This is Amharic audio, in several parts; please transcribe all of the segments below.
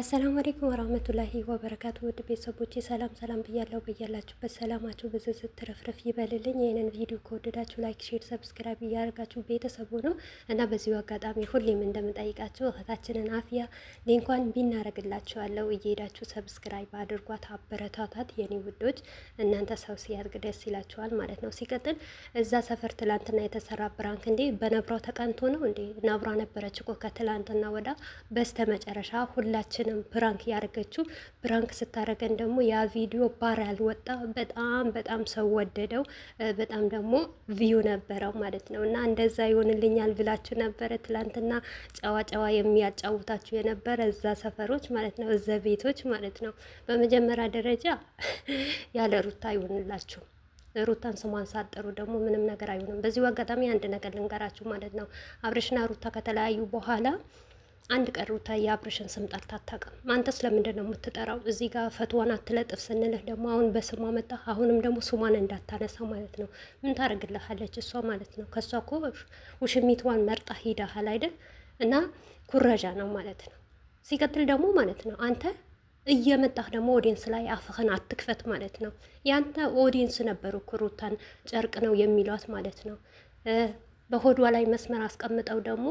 አሰላሙ አለይኩም ወራህመቱላሂ ወበረካቱ። ውድ ቤተሰቦቼ ሰላም ሰላም ብያለሁ። በያላችሁበት ሰላማችሁ ብዙ ስትረፍረፍ ይበልልኝ። ይህንን ቪዲዮ ከወደዳችሁ ላይክ፣ ሼር፣ ሰብስክራይብ እያደረጋችሁ ቤተሰቡ ነው እና በዚሁ አጋጣሚ ሁሌም እንደምጠይቃችሁ እህታችንን አፍያ ሊንኳን ቢናረግላችኋለሁ እየሄዳችሁ ሰብስክራይብ አድርጓት፣ አበረታታት የኔ ውዶች። እናንተ ሰው ሲያድግ ደስ ይላችኋል ማለት ነው። ሲቀጥል እዛ ሰፈር ትላንትና የተሰራ ብራንክ እንዴ በነብሯ ተቀንቶ ነው እንዴ? ነብሯ ነበረች እኮ ከትላንትና ወዳ በስተመጨረሻ ሁላችን ነው ፕራንክ ያደረገችው። ፕራንክ ስታደረገን ደግሞ ያ ቪዲዮ ባር ያልወጣ በጣም በጣም ሰው ወደደው፣ በጣም ደግሞ ቪዩ ነበረው ማለት ነው። እና እንደዛ ይሆንልኛል ብላችሁ ነበረ ትላንትና ጨዋ ጨዋ የሚያጫውታችሁ የነበረ እዛ ሰፈሮች ማለት ነው፣ እዛ ቤቶች ማለት ነው። በመጀመሪያ ደረጃ ያለ ሩታ ይሆንላችሁ ሩታን ስሟን ሳጠሩ ደግሞ ምንም ነገር አይሆንም። በዚሁ አጋጣሚ አንድ ነገር ልንገራችሁ ማለት ነው አብርሽና ሩታ ከተለያዩ በኋላ አንድ ቀን ሩታ የአብርሽን ስም ጠርታ አታውቅም። አንተስ ለምንድን ነው የምትጠራው? እዚህ ጋር ፈትዋን አትለጥፍ ስንልህ ደግሞ አሁን በስሟ መጣ። አሁንም ደግሞ ስሟን እንዳታነሳ ማለት ነው። ምን ታደርግልሃለች እሷ ማለት ነው። ከእሷ እኮ ውሽሚትዋን መርጣ ሂዳሃል አይደል? እና ኩረዣ ነው ማለት ነው። ሲቀጥል ደግሞ ማለት ነው አንተ እየመጣህ ደግሞ ኦዲንስ ላይ አፍህን አትክፈት ማለት ነው። ያንተ ኦዲንስ ነበሩ እኮ ሩታን ጨርቅ ነው የሚሏት ማለት ነው። በሆዷ ላይ መስመር አስቀምጠው ደግሞ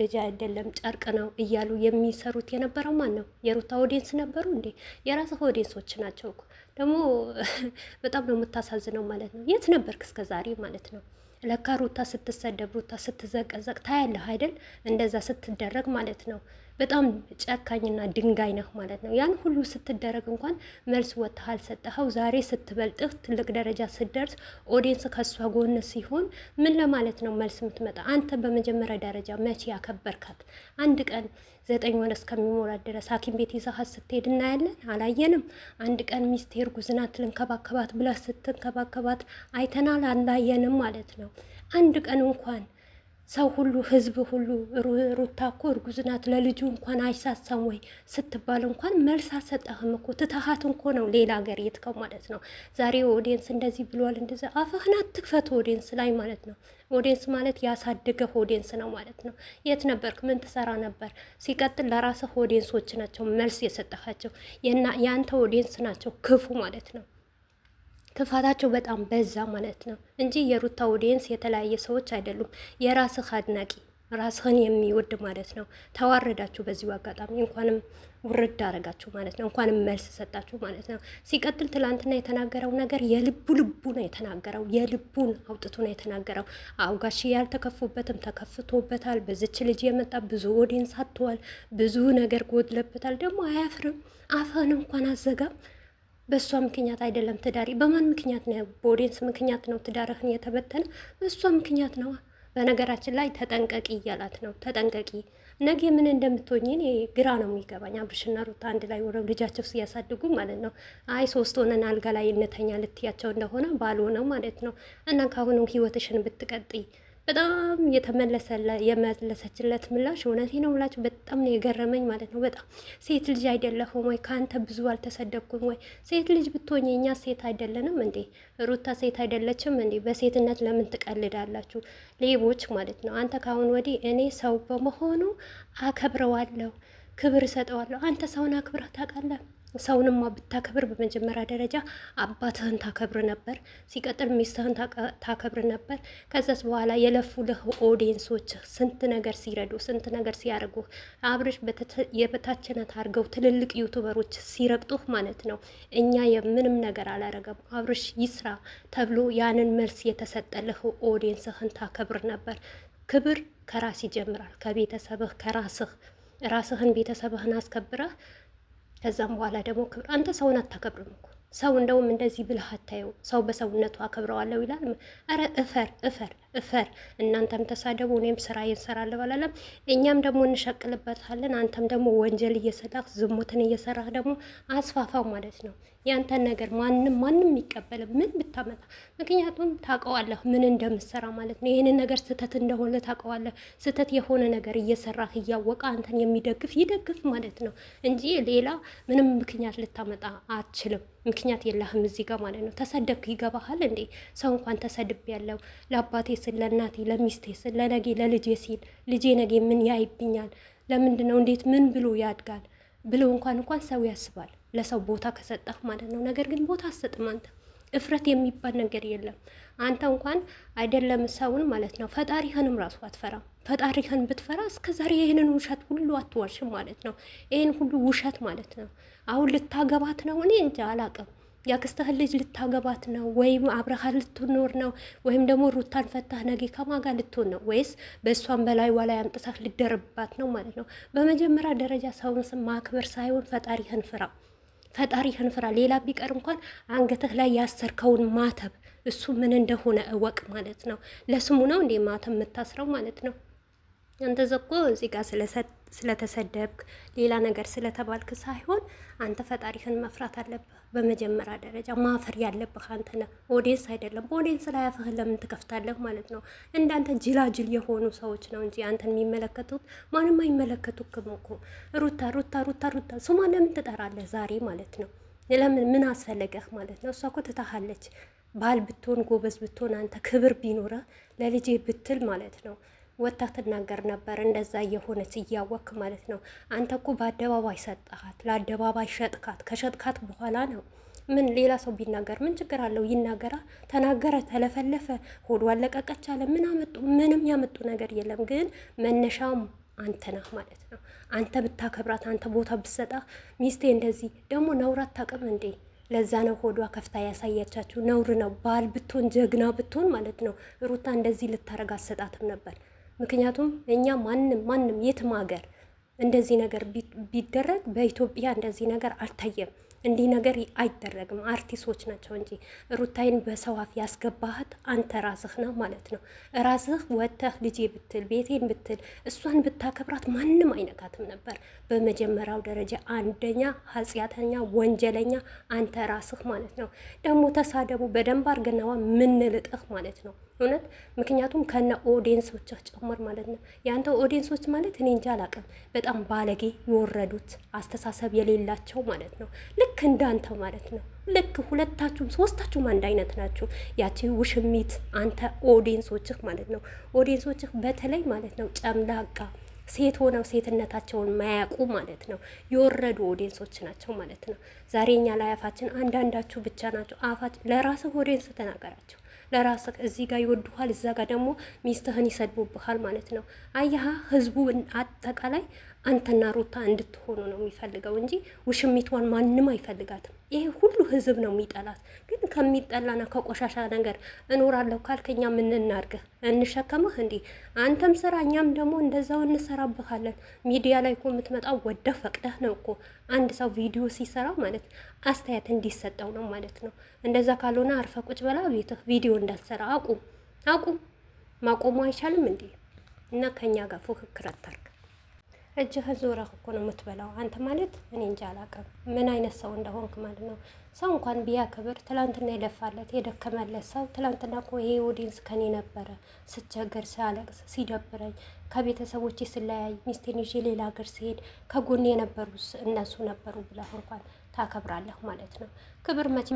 ልጅ አይደለም ጨርቅ ነው እያሉ የሚሰሩት የነበረው ማን ነው? የሩታ ኦዲንስ ነበሩ እንዴ? የራስህ ኦዲንሶች ናቸው እኮ። ደግሞ በጣም ነው የምታሳዝነው ማለት ነው። የት ነበርክ እስከ ዛሬ ማለት ነው? ለካ ሩታ ስትሰደብ ሩታ ስትዘቀዘቅ ታያለህ አይደል? እንደዛ ስትደረግ ማለት ነው። በጣም ጨካኝና ድንጋይ ነህ ማለት ነው። ያን ሁሉ ስትደረግ እንኳን መልስ ወጥተህ አልሰጠኸው። ዛሬ ስትበልጥህ ትልቅ ደረጃ ስትደርስ ኦዲየንስ ከእሷ ጎን ሲሆን ምን ለማለት ነው መልስ የምትመጣ? አንተ በመጀመሪያ ደረጃ መቼ ያከበርካት? አንድ ቀን ዘጠኝ ወር እስከሚሞላት ድረስ ሐኪም ቤት ይዛሀት ስትሄድ እናያለን አላየንም። አንድ ቀን ሚስቴር ጉዝናት ልንከባከባት ብላ ስትንከባከባት አይተናል አላየንም ማለት ነው። አንድ ቀን እንኳን ሰው ሁሉ ህዝብ ሁሉ ሩታ እኮ እርጉዝ ናት ለልጁ እንኳን አይሳሳም ወይ ስትባል እንኳን መልስ አልሰጠህም እኮ ትታሃት እንኮ ነው ሌላ ሀገር የትከው ማለት ነው። ዛሬ ኦዲየንስ እንደዚህ ብሏል፣ እንደዚ አፍህን አትክፈት ኦዲየንስ ላይ ማለት ነው። ኦዲየንስ ማለት ያሳደገህ ኦዲየንስ ነው ማለት ነው። የት ነበርክ? ምን ትሰራ ነበር? ሲቀጥል ለራስህ ኦዲየንሶች ናቸው መልስ የሰጠሃቸው፣ የአንተ ኦዲየንስ ናቸው ክፉ ማለት ነው። ክፋታቸው በጣም በዛ ማለት ነው እንጂ የሩታ ኦዲየንስ የተለያየ ሰዎች አይደሉም። የራስህ አድናቂ ራስህን የሚወድ ማለት ነው። ተዋረዳችሁ። በዚሁ አጋጣሚ እንኳንም ውርድ አረጋችሁ ማለት ነው። እንኳንም መልስ ሰጣችሁ ማለት ነው። ሲቀጥል ትላንትና የተናገረው ነገር የልቡ ልቡ ነው የተናገረው። የልቡን አውጥቶ ነው የተናገረው። አውጋሽ ያልተከፉበትም ተከፍቶበታል። በዝች ልጅ የመጣ ብዙ ኦዲየንስ አጥተዋል። ብዙ ነገር ጎድለበታል። ደግሞ አያፍርም። አፈን እንኳን አዘጋም በእሷ ምክንያት አይደለም ትዳሪ በማን ምክንያት ነው? በኦዲየንስ ምክንያት ነው ትዳርህን የተበተነ። በእሷ ምክንያት ነው። በነገራችን ላይ ተጠንቀቂ እያላት ነው። ተጠንቀቂ፣ ነገ ምን እንደምትሆኝ እኔ ግራ ነው የሚገባኝ። አብርሽና ሩታ አንድ ላይ ወረው ልጃቸው ሲያሳድጉ ማለት ነው። አይ ሶስት ሆነን አልጋ ላይ እንተኛ ልትያቸው እንደሆነ ባልሆነው ማለት ነው። እና ካሁኑ ህይወትሽን ብትቀጥይ በጣም የመለሰችለት ምላሽ እውነት ነው ምላችሁ በጣም ነው የገረመኝ ማለት ነው። በጣም ሴት ልጅ አይደለሁም ወይ? ከአንተ ብዙ አልተሰደብኩም ወይ? ሴት ልጅ ብትሆኝ እኛ ሴት አይደለንም እንዴ? ሩታ ሴት አይደለችም እንዴ? በሴትነት ለምን ትቀልዳላችሁ? ሌቦች ማለት ነው። አንተ ከአሁን ወዲህ እኔ ሰው በመሆኑ አከብረዋለሁ ክብር እሰጠዋለሁ። አንተ ሰውን አክብረህ ታውቃለህ? ሰውንማ ብታከብር በመጀመሪያ ደረጃ አባትህን ታከብር ነበር። ሲቀጥል ሚስትህን ታከብር ነበር። ከዛስ በኋላ የለፉልህ ኦዲየንሶች ስንት ነገር ሲረዱ ስንት ነገር ሲያደርጉ አብረሽ የበታችነት አድርገው ትልልቅ ዩቱበሮች ሲረግጡህ ማለት ነው። እኛ የምንም ነገር አላረገም አብረሽ ይስራ ተብሎ ያንን መልስ የተሰጠልህ ኦዲየንስህን ታከብር ነበር። ክብር ከራስ ይጀምራል። ከቤተሰብህ ከራስህ ራስህን ቤተሰብህን አስከብረህ ከዛም በኋላ ደግሞ ክብር አንተ ሰውን አታከብርም እኮ ሰው እንደውም እንደዚህ ብለህ አታየው ሰው በሰውነቱ አከብረዋለሁ ይላል። ኧረ እፈር እፈር እፈር እናንተም ተሳደቡ፣ እኔም ስራ ይንሰራል በላለም እኛም ደግሞ እንሸቅልበታለን። አንተም ደግሞ ወንጀል እየሰራህ ዝሙትን እየሰራህ ደግሞ አስፋፋው ማለት ነው። ያንተን ነገር ማንም ማንም ይቀበል ምን ብታመጣ፣ ምክንያቱም ታውቀዋለህ ምን እንደምሰራ ማለት ነው። ይህንን ነገር ስህተት እንደሆነ ታውቀዋለህ። ስህተት የሆነ ነገር እየሰራህ እያወቀ አንተን የሚደግፍ ይደግፍ ማለት ነው እንጂ ሌላ ምንም ምክንያት ልታመጣ አትችልም። ምክንያት የለህም እዚህ ጋር ማለት ነው። ተሰደብክ ይገባሃል እንዴ? ሰው እንኳን ያለው ለአባቴ ስል ለእናቴ ለሚስቴ ስል ለነጌ ለልጄ ሲል ልጄ ነጌ ምን ያይብኛል፣ ለምንድን ነው እንዴት ምን ብሎ ያድጋል ብሎ እንኳን እንኳን ሰው ያስባል፣ ለሰው ቦታ ከሰጠህ ማለት ነው። ነገር ግን ቦታ አሰጥም አንተ እፍረት የሚባል ነገር የለም። አንተ እንኳን አይደለም ሰውን ማለት ነው ፈጣሪህንም ራሱ አትፈራም። ፈጣሪህን ብትፈራ እስከዛሬ ይህንን ውሸት ሁሉ አትዋሽም ማለት ነው። ይህን ሁሉ ውሸት ማለት ነው። አሁን ልታገባት ነው እኔ እንጃ አላቅም ያክስተህ ልጅ ልታገባት ነው ወይም አብረሃ ልትኖር ነው ወይም ደግሞ ሩታን ፈታህ ነገ ከማጋ ልትሆን ነው ወይስ በእሷን በላይ ዋላ ያምጥተህ ልደርባት ነው ማለት ነው። በመጀመሪያ ደረጃ ሰውን ማክበር ሳይሆን ፈጣሪህን ፍራ፣ ፈጣሪህን ፍራ። ሌላ ቢቀር እንኳን አንገትህ ላይ ያሰርከውን ማተብ እሱ ምን እንደሆነ እወቅ ማለት ነው። ለስሙ ነው እንዴ ማተብ የምታስረው ማለት ነው። አንተ ዘኮ እዚህ ጋር ስለተሰደብክ ሌላ ነገር ስለተባልክ ሳይሆን አንተ ፈጣሪህን መፍራት አለብህ። በመጀመሪያ ደረጃ ማፈር ያለብህ አንተ ነህ፣ ኦዲየንስ አይደለም። በኦዲየንስ ላይ አፍህን ለምን ትከፍታለህ ማለት ነው? እንዳንተ ጅላጅል የሆኑ ሰዎች ነው እንጂ አንተን የሚመለከቱት ማንም አይመለከቱክም እኮ። ሩታ ሩታ ሩታ ሩታ ስሟን ለምን ትጠራለህ ዛሬ ማለት ነው? ለምን ምን አስፈለገህ ማለት ነው? እሷ እኮ ትታሃለች። ባል ብትሆን ጎበዝ ብትሆን አንተ ክብር ቢኖረህ ለልጄ ብትል ማለት ነው ወታ ትናገር ነበር። እንደዛ የሆነች እያወክ ማለት ነው። አንተ እኮ በአደባባይ ሰጠሃት፣ ለአደባባይ ሸጥካት። ከሸጥካት በኋላ ነው ምን ሌላ ሰው ቢናገር ምን ችግር አለው? ይናገራ። ተናገረ፣ ተለፈለፈ፣ ሆዶ አለቀቀች አለ። ምን አመጡ? ምንም ያመጡ ነገር የለም። ግን መነሻም አንተ ነህ ማለት ነው። አንተ ብታከብራት፣ አንተ ቦታ ብትሰጣ፣ ሚስቴ እንደዚህ ደግሞ ነውራት ታቅም እንዴ ለዛ ነው ሆዷ ከፍታ ያሳያቻችሁ። ነውር ነው። ባል ብትሆን ጀግና ብትሆን ማለት ነው ሩታ እንደዚህ ልታረግ አሰጣትም ነበር። ምክንያቱም እኛ ማንም ማንም የትም ሀገር እንደዚህ ነገር ቢደረግ በኢትዮጵያ እንደዚህ ነገር አልታየም። እንዲህ ነገር አይደረግም። አርቲስቶች ናቸው እንጂ ሩታይን በሰው አፍ ያስገባህት አንተ ራስህ ነው ማለት ነው። ራስህ ወጥተህ ልጄ ብትል ቤቴን ብትል እሷን ብታከብራት ማንም አይነካትም ነበር። በመጀመሪያው ደረጃ አንደኛ ኃጢአተኛ ወንጀለኛ አንተ ራስህ ማለት ነው። ደግሞ ተሳደቡ በደንብ አርገናዋ ምንልጥህ ማለት ነው። እውነት ምክንያቱም ከነ ኦዲየንሶች ጨምር ማለት ነው። ያንተ ኦዲየንሶች ማለት እኔ እንጃ አላቅም፣ በጣም ባለጌ የወረዱት አስተሳሰብ የሌላቸው ማለት ነው። ልክ እንዳንተ ማለት ነው። ልክ ሁለታችሁም ሶስታችሁም አንድ አይነት ናችሁ። ያቺ ውሽሚት አንተ ኦዲየንሶችህ ማለት ነው። ኦዲየንሶችህ በተለይ ማለት ነው ጨምላቃ ሴት ሆነው ሴትነታቸውን ማያውቁ ማለት ነው የወረዱ ኦዲየንሶች ናቸው ማለት ነው። ዛሬ እኛ ላይ አፋችን አንዳንዳችሁ ብቻ ናቸው። አፋችን ለራስህ ኦዲየንስ ተናገራቸው። ለራስህ እዚህ ጋር ይወዱሃል፣ እዛ ጋር ደግሞ ሚስትህን ይሰድቡብሃል ማለት ነው። አያሀ ህዝቡ አጠቃላይ አንተና ሩታ እንድትሆኑ ነው የሚፈልገው እንጂ ውሽሚቷን ማንም አይፈልጋትም። ይሄ ሁሉ ህዝብ ነው የሚጠላት። ግን ከሚጠላና ከቆሻሻ ነገር እኖራለሁ ካልከኛ ምን እናድርግህ? እንሸከምህ እንዴ? አንተም ስራ፣ እኛም ደግሞ እንደዛው እንሰራብሃለን። ሚዲያ ላይ እኮ የምትመጣው ወደ ፈቅደህ ነው እኮ አንድ ሰው ቪዲዮ ሲሰራ ማለት አስተያየት እንዲሰጠው ነው ማለት ነው። እንደዛ ካልሆነ አርፈ ቁጭ በላ ቤትህ። ቪዲዮ እንዳትሰራ አቁም አቁም። ማቆሙ አይቻልም እንዴ? እና ከእኛ ጋር ፉክክር አታርግ። እጅህን ዞረህ እኮ ነው የምትበላው። አንተ ማለት እኔ እንጃ አላውቅም ምን አይነት ሰው እንደሆንክ ማለት ነው። ሰው እንኳን ክብር ትላንትና የለፋለት የደከመለት ሰው ትላንትና እኮ ይሄ ኦዲንስ ከኔ ነበረ ስቸገር፣ ሳለቅስ፣ ሲደብረኝ፣ ከቤተሰቦቼ ስለያይ፣ ሚስቴን ይዤ ሌላ ሀገር ሲሄድ ከጎኔ የነበሩ እነሱ ነበሩ ብለህ እንኳን ታከብራለህ ማለት ነው። ክብር መቼ